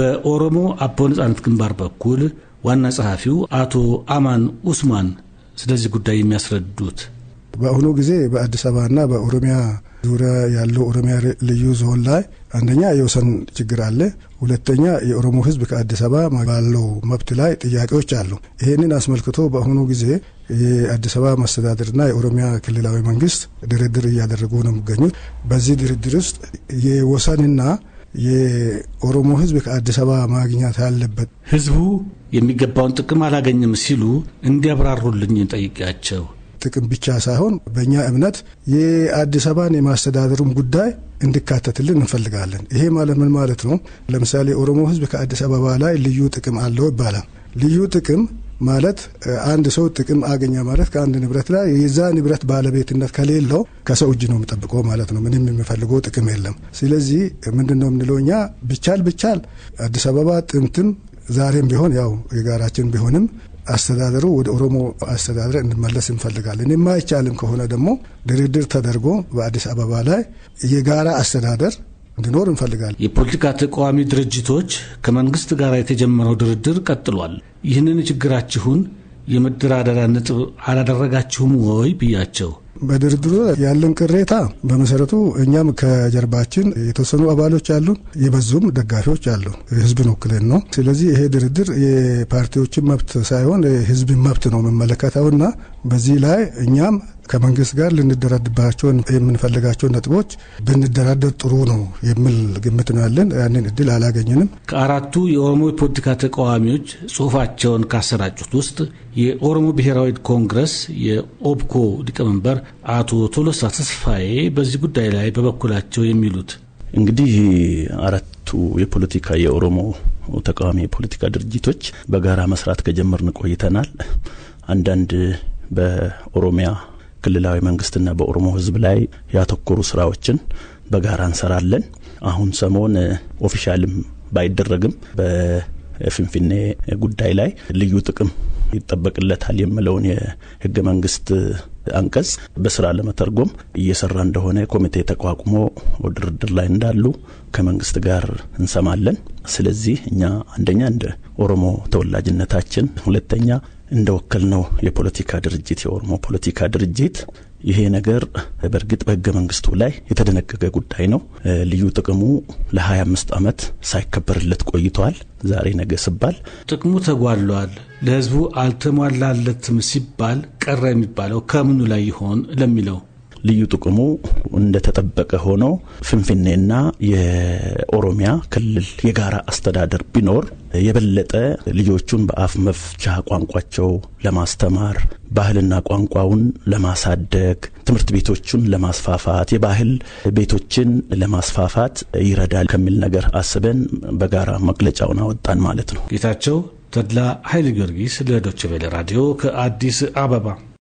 በኦሮሞ አቦ ነጻነት ግንባር በኩል ዋና ጸሐፊው አቶ አማን ኡስማን ስለዚህ ጉዳይ የሚያስረዱት በአሁኑ ጊዜ በአዲስ አበባና በኦሮሚያ ዙሪያ ያለው ኦሮሚያ ልዩ ዞን ላይ አንደኛ የወሰን ችግር አለ። ሁለተኛ የኦሮሞ ሕዝብ ከአዲስ አበባ ባለው መብት ላይ ጥያቄዎች አሉ። ይህንን አስመልክቶ በአሁኑ ጊዜ የአዲስ አበባ መስተዳድርና የኦሮሚያ ክልላዊ መንግስት ድርድር እያደረጉ ነው የሚገኙት። በዚህ ድርድር ውስጥ የወሰንና የኦሮሞ ህዝብ ከአዲስ አበባ ማግኘት አለበት፣ ህዝቡ የሚገባውን ጥቅም አላገኝም ሲሉ እንዲያብራሩልኝ ጠይቄያቸው ጥቅም ብቻ ሳይሆን በእኛ እምነት የአዲስ አበባን የማስተዳደሩን ጉዳይ እንዲካተትልን እንፈልጋለን። ይሄ ማለት ምን ማለት ነው? ለምሳሌ ኦሮሞ ህዝብ ከአዲስ አበባ ላይ ልዩ ጥቅም አለው ይባላል። ልዩ ጥቅም ማለት አንድ ሰው ጥቅም አገኘ ማለት ከአንድ ንብረት ላይ የዛ ንብረት ባለቤትነት ከሌለው ከሰው እጅ ነው የሚጠብቀው ማለት ነው። ምንም የሚፈልገው ጥቅም የለም። ስለዚህ ምንድን ነው የምንለው እኛ ብቻል ብቻል አዲስ አበባ ጥንትም ዛሬም ቢሆን ያው የጋራችን ቢሆንም አስተዳደሩ ወደ ኦሮሞ አስተዳደር እንመለስ እንፈልጋለን። የማይቻልም ከሆነ ደግሞ ድርድር ተደርጎ በአዲስ አበባ ላይ የጋራ አስተዳደር እንዲኖር እንፈልጋለን። የፖለቲካ ተቃዋሚ ድርጅቶች ከመንግስት ጋር የተጀመረው ድርድር ቀጥሏል። ይህንን ችግራችሁን የመደራደሪያ ነጥብ አላደረጋችሁም ወይ ብያቸው በድርድሩ ያለን ቅሬታ በመሰረቱ እኛም ከጀርባችን የተወሰኑ አባሎች አሉን፣ የበዙም ደጋፊዎች አሉ። ህዝብን ወክለን ነው። ስለዚህ ይሄ ድርድር የፓርቲዎችን መብት ሳይሆን የህዝብን መብት ነው መመለከተውና በዚህ ላይ እኛም ከመንግስት ጋር ልንደራድባቸውን የምንፈልጋቸው ነጥቦች ብንደራደር ጥሩ ነው የሚል ግምት ነው ያለን። ያንን እድል አላገኘንም። ከአራቱ የኦሮሞ የፖለቲካ ተቃዋሚዎች ጽሁፋቸውን ካሰራጩት ውስጥ የኦሮሞ ብሔራዊ ኮንግረስ የኦብኮ ሊቀመንበር አቶ ቶሎሳ ተስፋዬ በዚህ ጉዳይ ላይ በበኩላቸው የሚሉት እንግዲህ አራቱ የፖለቲካ የኦሮሞ ተቃዋሚ የፖለቲካ ድርጅቶች በጋራ መስራት ከጀመርን ቆይተናል። አንዳንድ በኦሮሚያ ክልላዊ መንግስትና በኦሮሞ ህዝብ ላይ ያተኮሩ ስራዎችን በጋራ እንሰራለን። አሁን ሰሞን ኦፊሻልም ባይደረግም በፍንፍኔ ጉዳይ ላይ ልዩ ጥቅም ይጠበቅለታል የምለውን የህገ መንግስት አንቀጽ በስራ ለመተርጎም እየሰራ እንደሆነ ኮሚቴ ተቋቁሞ ድርድር ላይ እንዳሉ ከመንግስት ጋር እንሰማለን። ስለዚህ እኛ አንደኛ እንደ ኦሮሞ ተወላጅነታችን፣ ሁለተኛ እንደ ወከል ነው የፖለቲካ ድርጅት የኦሮሞ ፖለቲካ ድርጅት ይሄ ነገር በእርግጥ በህገ መንግስቱ ላይ የተደነገገ ጉዳይ ነው። ልዩ ጥቅሙ ለ25 ዓመት ሳይከበርለት ቆይተዋል። ዛሬ ነገ ሲባል ጥቅሙ ተጓሏል፣ ለህዝቡ አልተሟላለትም ሲባል ቀረ የሚባለው ከምኑ ላይ ይሆን ለሚለው ልዩ ጥቅሙ እንደተጠበቀ ሆኖ ፍንፍኔና የኦሮሚያ ክልል የጋራ አስተዳደር ቢኖር የበለጠ ልጆቹን በአፍ መፍቻ ቋንቋቸው ለማስተማር ባህልና ቋንቋውን ለማሳደግ ትምህርት ቤቶቹን ለማስፋፋት የባህል ቤቶችን ለማስፋፋት ይረዳል ከሚል ነገር አስበን በጋራ መግለጫውን አወጣን ማለት ነው። ጌታቸው ተድላ ኃይለ ጊዮርጊስ ለዶችቬለ ራዲዮ ከአዲስ አበባ